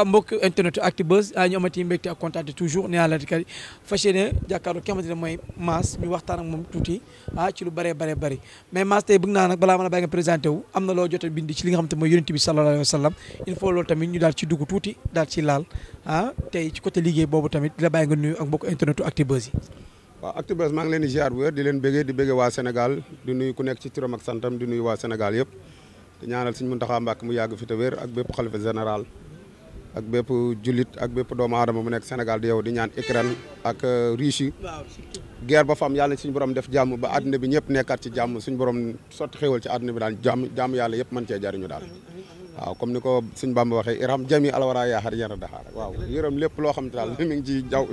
Ah, mbokk internet Actubuzz ah, ñu amati mbekk ak contacté toujours ne la dikay fas yéene jàkkaarloo ki xamante ne mooy Mass ñu waxtaan ak moom tuuti ah, ci lu bare bëree bari mais Mass tey bëgg naa nag balaa mën a bàyyi nga présenté wu am na loo jot a bind ci li nga xamante mooy yonent bi sallallahu alayhi wa tamit ñu daal ci dugg tuuti daal ci laal ah tey liggéey boobu tamit di la bàyyi nga nuyu ak mbokk internetu Actubuzz yi waaw Actubuzz maa ngi leen di ziar di leen béggee di béggee waa Sénégal di nuyu ku nekk ci turam ak santam di nuyu waa yëpp di ñaanal Sëriñ Muntaxa mu yàgg fi te wér ak bépp xalifa général ak bépp jullit ak bépp doomu aadama mu nekk Sénégal di yow di ñaan Ukraine ak euh, Russie guerre ba fa am yàlla suñu borom def jàmm ba àdduna bi ñëpp nekkaat ci jàmm suñu borom sotti xéwal ci àdduna bi daal jàmm jàmm yàlla yëpp mën cee jariñu daal waaw comme ni ko suñ Bamba waxee iram jami alwara yaaxar yéen a daxaar waaw yërëm lépp loo xam te daal mi ngi ci jaww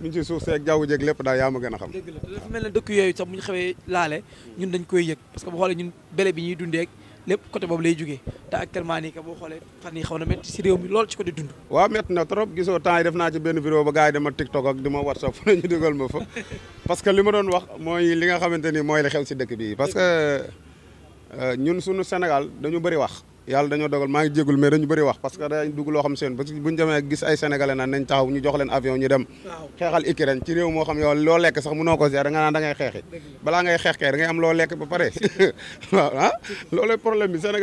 mi ngi ci suuf seeg jaww jeeg lépp daal yaa ma gën a xam dafa mel ne dëkk yooyu sax bu ñu dañ koy yëg parce que bu xoolee ñun bele bi ñuy dundeek lépp côté boobu lay jóge te actuellement nii ka boo xoolee fan yi xaw na métti si réew mi lool ci ko di dund waaw métti na trop gisoo temps yi def naa ci benn vidéo ba gars yi dama TikTok ak di ma WhatsApp fu ne ñu dugal ma fa parce que li ma doon wax mooy li nga xamante ni mooy la xew si dëkk bi parce que euh, ñun sunu Sénégal dañu bëri wax yàlla dañoo dogal maa ngi jégul mais dañu bëri wax parce que dañ dugg loo xam seen parce que buñu demee gis ay sénégalais naan nañ taxaw ñu jox leen avion ñu dem xeexal Ukraine ci réew moo xam yow loo lekk sax mënoo ko gérer da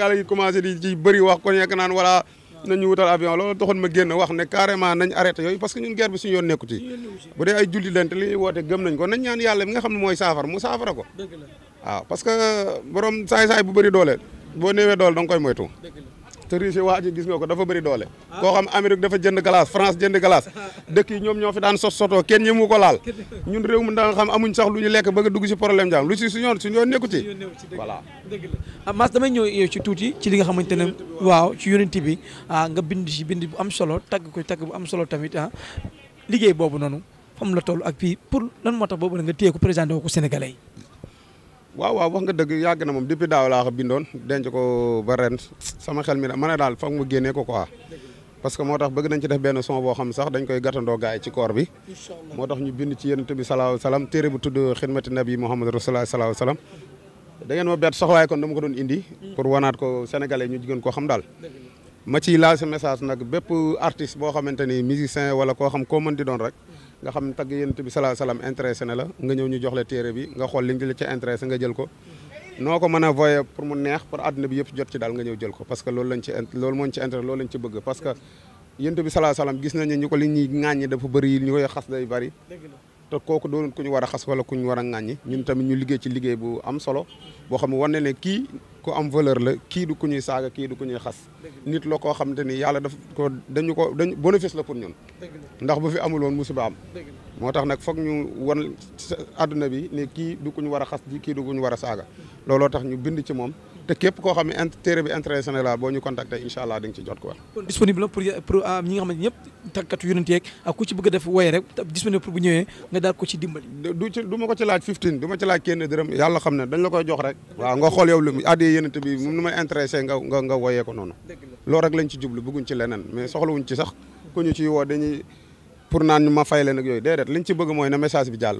ah, commencé di ci bëri wax ko nekk naan voilà nañu wutal avion loolu taxoon ma génn wax ne carrément nañ arrêté yooyu parce que ñun guerre bi suñu yoon nekku ci bu dee ay julli lente li ñuy woote ko nañ ñaan yàlla mi nga xam ne mooy saafara mu saafara ko parce que borom saay-saay bu bëri doole boo newee doole da nga koy moytu te riche waa ji gis nga ko dafa bëri doole koo xam Amérique dafa jënd glace France jënd glace dëkk yi ñoom ñoo fi daan sot sotoo kenn ñi mu ko laal ñun réew mu daan xam amuñ sax lu ñu lekk ba nga dugg si problème jaam lu si suñu yoon suñu yoon nekku ci voilà ah, mas damay ñëw ci tuuti ci li nga xamante ne waaw ci yonent bi ah nga bind si bind bu am solo tagg ko tagg bu am solo tamit ah liggéey boobu noonu fam la toll ak fii pour lan moo tax boobu nga téye ko présenté woo ko sénégalais yi waaw wax nga dëgg yàgg na moom depuis daaw laa ko bindoon denc ko ba ren sama xel mi na ma daal foog mu génnee ko quoi parce que moo tax bëgg nañ ci def benn son boo xam sax dañ koy gàttandoo gars yi ci koor bi moo tax ñu bind ci yonent bi salaahu salaam téere bu tudd xidmati nabi Muhammad rasulullah salaahu salaam da ngeen ma bett sax waaye kon dama ko doon indi pour wanaat ko sénégale ñu jigéen koo xam daal ma ciy laal sa message nag bépp artiste boo xamante ni musicien wala koo xam koo mën di doon rek nga xam tagg yonent bi salaa salaam intéressé na la nga ñëw ñu jox la téere bi nga xool li nga la ca intéressé nga jël ko noo ko mën a voyé pour mu neex pour àdduna bi yëpp jot ci daal nga ñëw jël ko parce que loolu lañ ci loolu mooñ ci intérêt loolu lañ ci bëgg parce que yonent gis nañu ñu ko li ñuy ŋàññi dafa bëri ñu koy xas day bëri te kooku doon ku ñu war a xas wala ku ñu war a ŋàññi ñun tamit ñu liggéey ci liggéey bu am solo boo xam ne wane ne kii ku am valeur la kii du ku ñuy saaga kii du ku ñuy xas nit la koo xamante ni yàlla daf ko dañu ko dañ bénéfice la pour ñun ndax bu fi amul woon musiba am moo tax nag foog ñu wan àdduna bi ne kii du ku ñu war a xas kii du ku ñu war a saaga looloo tax ñu bind ci moom te képp koo xam ne int téere bi intérêt Sénégal boo ñu contacter incha allah di ci jot quoi. kon disponible pour pour ah, pour bu ñëwee daal ko ci dimbali. du ma ko ci laaj du ma ci laaj kenn dërëm yàlla xam ne dañ la koy jox rek. waaw nga xool yow lu mu addi yonent bi moom nu may intéressé nga nga noonu. loolu rek lañ ci jublu bëgguñ ci leneen mais soxlawuñ ci sax ku ñu ciy woo dañuy. pour naan ñu ma fay leen ak yooyu déedéet liñ ci bëgg mooy na message bi jàll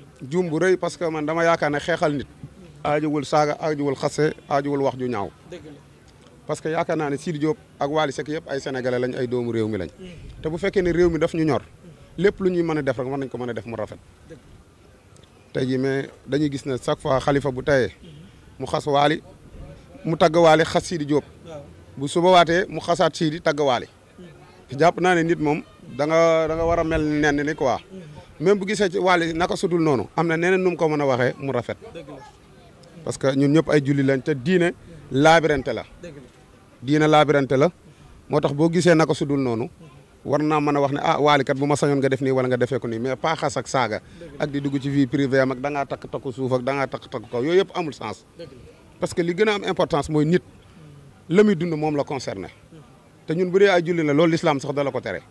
juum bu rëy parce que man dama yaakaar ne xeexal nit aajowul saaga aajowul xase aajowul wax ju ñaaw parce que yaakaar naa ne Sidi Diop ak Wally Seck yëpp ay sénégalais lañ ay doomu réew mi lañ te bu fekkee ne réew mi daf ñu ñor lépp lu ñuy mën a def rek mën nañ ko mën a def mu rafet tey jii mais dañuy gis ne chaque fois xalifa bu tayee mu xas Wally mu tagg Wally xas Sidi Diop bu suba waatee mu xasaat Sidi tagg Wally mm. jàpp naa ne nit moom da nga da nga war a mel nenn ni quoi mm. même bu gisee ci wàll naka sudul noonu am na neneen nu mu ko mën a waxee mu rafet parce que ñun ñëpp ay julli lañ te diine laabirante la diine laabirante la moo tax boo gisee naka sudul noonu war naa mën a wax ne ah waalikat bu ma sañoon nga def nii wala nga defee ko nii mais paa xas ak saaga ak di dugg ci vie privée ak da ngaa takk takku suuf ak da ngaa takk takku kaw yooyu yëpp amul sens parce que li gën a am importance mooy nit la muy dund moom la concerné hmm. te ñun bu dee ay loolu l'islam sax da la ko tere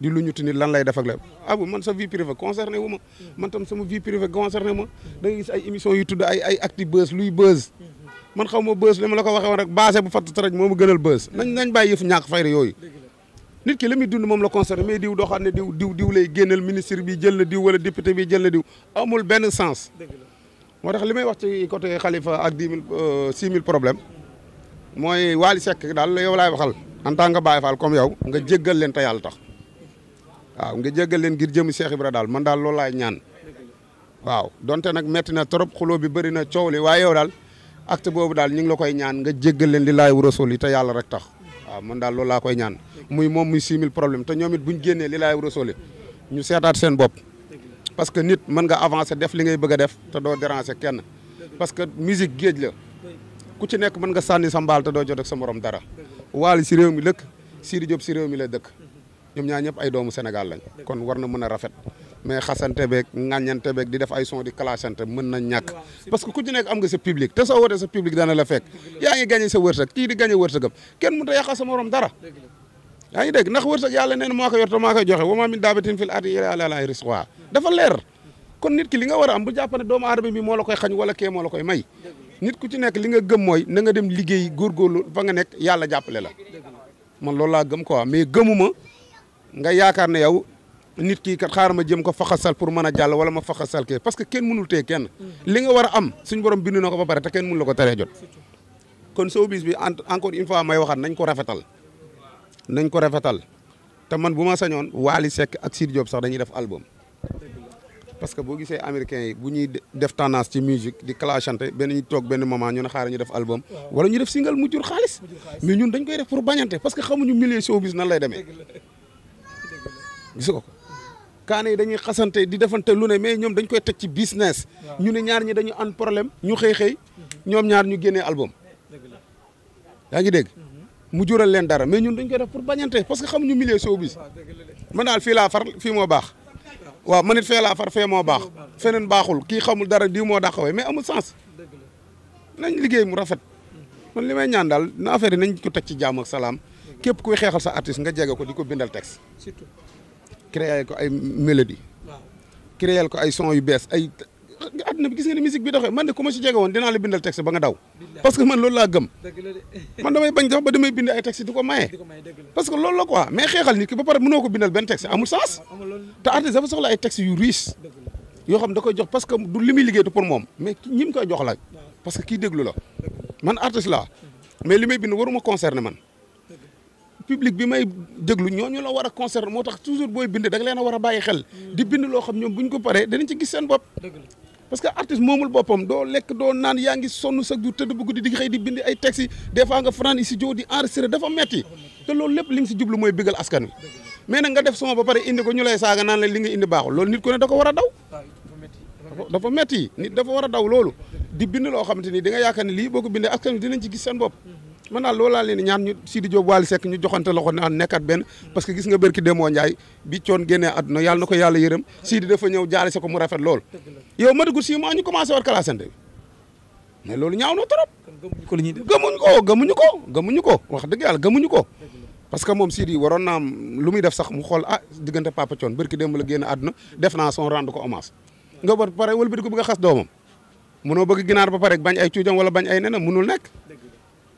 di lu ñu ti nit lan lay def ak la ah man sa vie privée concerné wu ma man tam sama vie privée concerné ma da nga gis ay émission yu tudd ay ay acti buzz luy buzz man xaw ma buzz li ma la ko waxee woon rek baase bu fatt taraj moo ma gënal buzz nañ nañ bàyyi yëfu ñàkk fayda yooyu nit ki la muy dund moom la concerné mais diw doo xam ne diw diw diw lay génnal ministre bi jël na diw wala député bi jël na diw amul benn sens moo tax li may wax ci côté Khalifa ak dix mille euh, six mille problème mooy Wally Seck daal yow laay waxal en tant que Baye Fall comme yow nga jéggal leen te waaw nga jéggal leen ngir jëmu Cheikh Ibra daal man daal loolu laay ñaan waaw donte nag metti na trop xuloo bi bëri na coow li waaye yow daal acte boobu daal ñu ngi la koy ñaan nga jéggal leen li laay wurasool yi te yàlla rek tax waaw man daal loolu laa koy ñaan muy moom muy 6000 problème te ñoom it bu ñu génnee li laay wurasool ñu seetaat seen bopp parce que nit mën nga avancer def li ngay bëgg a def te doo déranger kenn parce que musique géej la ku ci nekk mën nga sànni sa mbaal doo jot sa morom dara waali si réew mi lëkk Sidi Diop si réew mi la dëkk ñoom ñaar ñëpp ay doomu Sénégal lañ kon war na mën a rafet mais xasante beeg ŋàññante beeg di def ay son di clashante mën na ñàkk parce que ku ci nekk am nga sa public te soo wootee sa public dana la fekk yaa ngi gagné sa wërsëg kii di gagné wërsëgam kenn mënut a yàqal sa morom dara yaa ngi dégg ndax wërsëg yàlla nee na maa ko yor te maa koy joxe wa maa min daabatin fil dafa leer kon nit ki li nga war a am bu jàpp ne doomu aadama bi moo la koy xañ wala kee moo la koy may nit ku ci nekk li nga gëm mooy na nga dem liggéey góorgóorlu fa nga nekk yàlla jàppale la man loolu laa gëm quoi mais gëmuma nga yaakaar ne yow nit kii kat xaaral ma jëm ko faxasal pour mën a jàll wala ma faxasal kii parce que kenn mënul tee kenn. Mhm. li nga war a am suñu borom bind na ko ba pare te kenn mënu la ko teree jot. kon showbiz bi encore une fois may waxaat nañ ko rafetal nañ ko rafetal te man bu ma sañoon Wally Seck ak Sidy Diop sax dañuy def album. parce que boo gisee américains yi bu ñuy def tendance ci musique di clashante benn ñu toog benn moment ñu ne xaaral ñu def album. wala ñu def ñun dañ koy def pour bañante parce que xamuñu milieu showbiz nan lay demee. gis nga ko kaane yi dañuy xasante di defante lu ne mais ñoom dañ koy teg ci business. ñu ne ñaar ñi dañu am problème ñu xëy xëy ñoom ñaar ñu génnee album. yaa ngi dégg mhm. mu jural leen dara mais ñun dañ koy def pour bañante parce que xamuñu milieu showbiz man daal fii laa far fii moo baax. waaw man it fee laa baax feneen baaxul kii xamul dara di moo dàqawee mais amul sens nañ liggéey mu rafet mhm. man li may ñaan daal na affaire yi nañ ko teg ci jàmm ak salaam képp kuy xeexal sa artiste nga jege ko di ko bindal texte créer ko ay son yu bees ay àdduna bi gis nga ne musique bi doxee man de ku si jege woon dinaa la bindal texte ba daw parce que man loolu laa gëm man damay bañ sax ba damay bind ay ko maye parce que loolu la quoi mais xeexal nit ki ba pare mënoo ko bindal benn texte amul sens te artiste dafa soxla ay texte yu riche yoo xam da koy jox parce que du li liggéey du pour moom mais ñi mu koy jox la parce que kii déglu la man artiste laa mais li may bind public bi may déglu ñooñu la war a concerner moo tax toujours booy bind da nga leen a war a bàyyi xel. di bind loo xam ñoom bu ñu ko paree danañ ci gis seen bopp. parce que artiste moomul yaa ngi sonn sa du tëdd bu guddi di xëy di bind ay textes yi nga fanaan si studio di enregistré dafa metti te loolu lépp li nga si jublu mooy bégal askan wi. mais nag nga def sama ba ko ne da ko a daw. dafa metti nit dafa war a daw loolu. di bind loo xamante ni di nga yaakaar ne lii boo ko ci gis seen bop man daal loolu laa leen di ñaan ñu Sidi Diop Wally Seck ñu joxante loxo naan nekkat benn parce que gis nga bërki Demba Ndiaye bi coon génnee àdduna yàlla na ko yàlla yërëm Sidi dafa ñëw jaale sa mu rafet lool. yow matagul six a ñu commencé war kalaasante bi mais loolu ñaaw na trop. gëmuñu ko li ñuy def gëmuñu ko wax dëgg yàlla gëmuñu ko. parce que moom Sidi waroon naa am lu muy def sax mu xool ah diggante Papa Thion bërki démb la génn na def naa son rendre ko hommage. nga war pare wëlbati ko bëgg a xas doomam munoo bëgg ginaar ba pare bañ ay cuujam wala bañ ay nenam munul nekk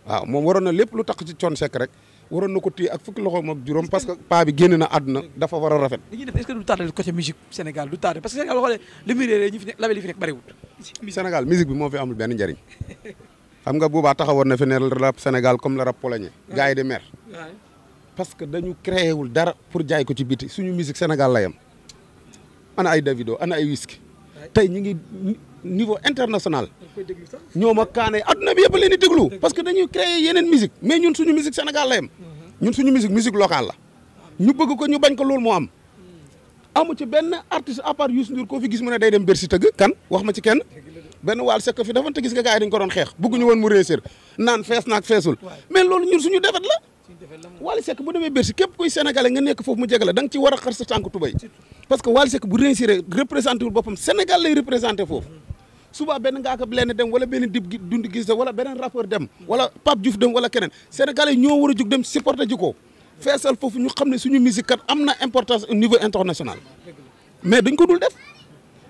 waaw moom waroon na lépp lu tax ci Thione Seck rek waroon na ko téye ak fukki loxoom ak juróom parce que paa bi génn na àdduna dafa war a rafet. li ñuy def est-ce que du tardé côté musique Sénégal du tardé parce que Sénégal boo xoolee li muy réeré ñi fi nekk label yi fi nekk bariwul. Sénégal musique bi moo fi amul benn njëriñ xam nga boobaa taxawoon na fi ne rap Sénégal comme le rap polonais. gars yi di mer. parce que dañu créé wul dara pour jaay ko ci biti suñu musique Sénégal la yem ana ay Davido ana ay Wizkid tey ñu ngi niveau international ñoom ak kaane adduna bi yëpp leen di déglu parce que dañuy créer yeneen musique mais ñun suñu musique Sénégal la yem ñun suñu musique musique locale la ñu bëgg ko ñu bañ ko loolu moo am amu ci benn artiste à part Youssou Ndour fi gis mu ne day dem Bercy tëgg kan wax ma ci kenn benn waal sekk fi dafa nga gars yi ko doon xeex bëgguñu woon mu réussir naan fees naag feesul mais loolu ñun suñu defet la Wally Seck bu demee Bercy képp kuy sénégalais nga nekk foofu mu jege la da nga ci war a xar sa tànk tubay parce que Wally Seck bu réussir représenté wul boppam Sénégal lay foofu suba benn ngaa ko leen dem wala benn dib dund gis wala beneen rapport dem wala Pape Diouf dem wala keneen sénégalais ñoo war a dem supporter ji feesal foofu ñu xam ne suñu musique kat am na importance niveau international mais dañ ko dul def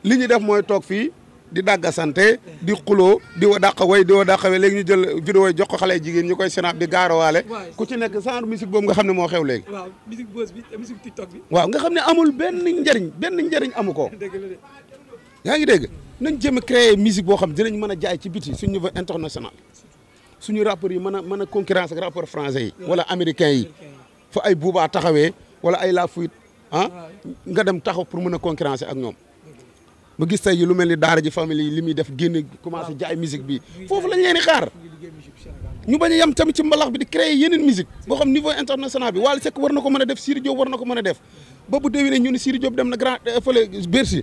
li ñuy def mooy toog fii di dàggasante di xuloo di wa dàq way di wa dàq way léegi ñu jël vidéo jox ko xale jigéen ñu koy sénaab di gaarowaale ku ci nekk genre musique boobu nga xam ne moo xew léegi waaw musique buzz bi musique tiktok nga xam ne amul benn njariñ benn njariñ amu ko yaa ngi dégg nañ jëm a créer musique boo xam dinañ mën a jaay ci biti suñu niveau international suñu rappeurs yi mën a mën a concurrence rapport rappeurs français yi wala américain yi fa ay buubaa taxawee wala ay la fuite ah nga dem taxaw pour mën a concurrence ak ñoom ba gis tey lu mel ni daara ji famille yi li muy def génn commencé jaay musique bi foofu lañ leen di xaar ñu bañ a yem tamit ci bi di créer yeneen musique boo xam niveau international bi Wally Seck war na ko mën a def Sidy Diop war na ko mën a def ba bu déwénee ñu ne Sidy Diop dem na grand euh, fële Bercy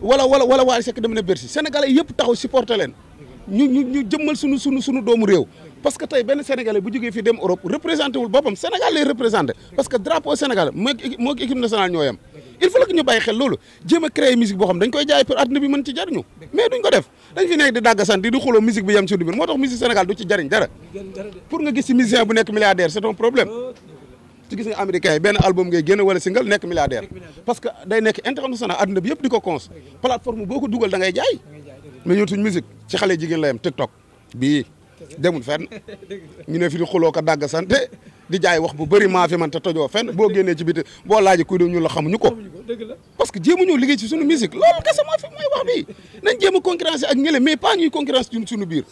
wala wala wala Wally Seck dem na Bercy sénégalais yëpp taxaw supporter leen ñu ñu ñu jëmmal suñu sunu suñu doomu réew parce que tey benn sénégalais bu jógee fii dem Europe représenté wul boppam Sénégal lay représenté parce que drapeau Sénégal moo moo équipe nationale ñoo yem il faut que ñu bàyyi xel loolu jéem a créer musique boo xam dañ koy jaay pour adduna bi mën ci jariñu mais duñ ko def dañ fi nekk di dàggasan di di xuloo musique bi yem ci du biir si musicien bu nekk milliardaire c'est un problème ci gis nga américain yi benn album ngay génn wala single nekk milliardaire parce que day nekk international adduna bi yëpp di ko cons plateforme boo ko dugal da ngay jaay mais ñun suñ musique ci jigéen la yem TikTok bii demul fenn ñu ne fi di xuloo ko dàggasante di jaay wax bu bëri maa fi man te tojoo fenn boo génnee ci biti boo laajee kuy doon ñu la xamuñu ko parce que jéem a ñëw liggéey ci suñu musique loolu kese moo mooy wax bi nañ jéem a concurrence ak ñële mais pas ñuy concurrence ci biir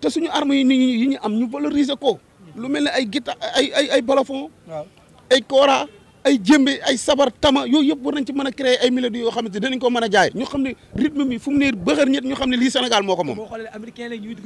te suñu armes yi ni ñu am ñu valoriser ko lu mel ay guitare ay ay ay balafon ay jëmbe ay sabar tama yooyu yëpp war nañ ci mën a créer ay mélodies yoo xamante dinañ ko mën a jaay ñu xam ne rythme mi fu mu ne bëxër ñu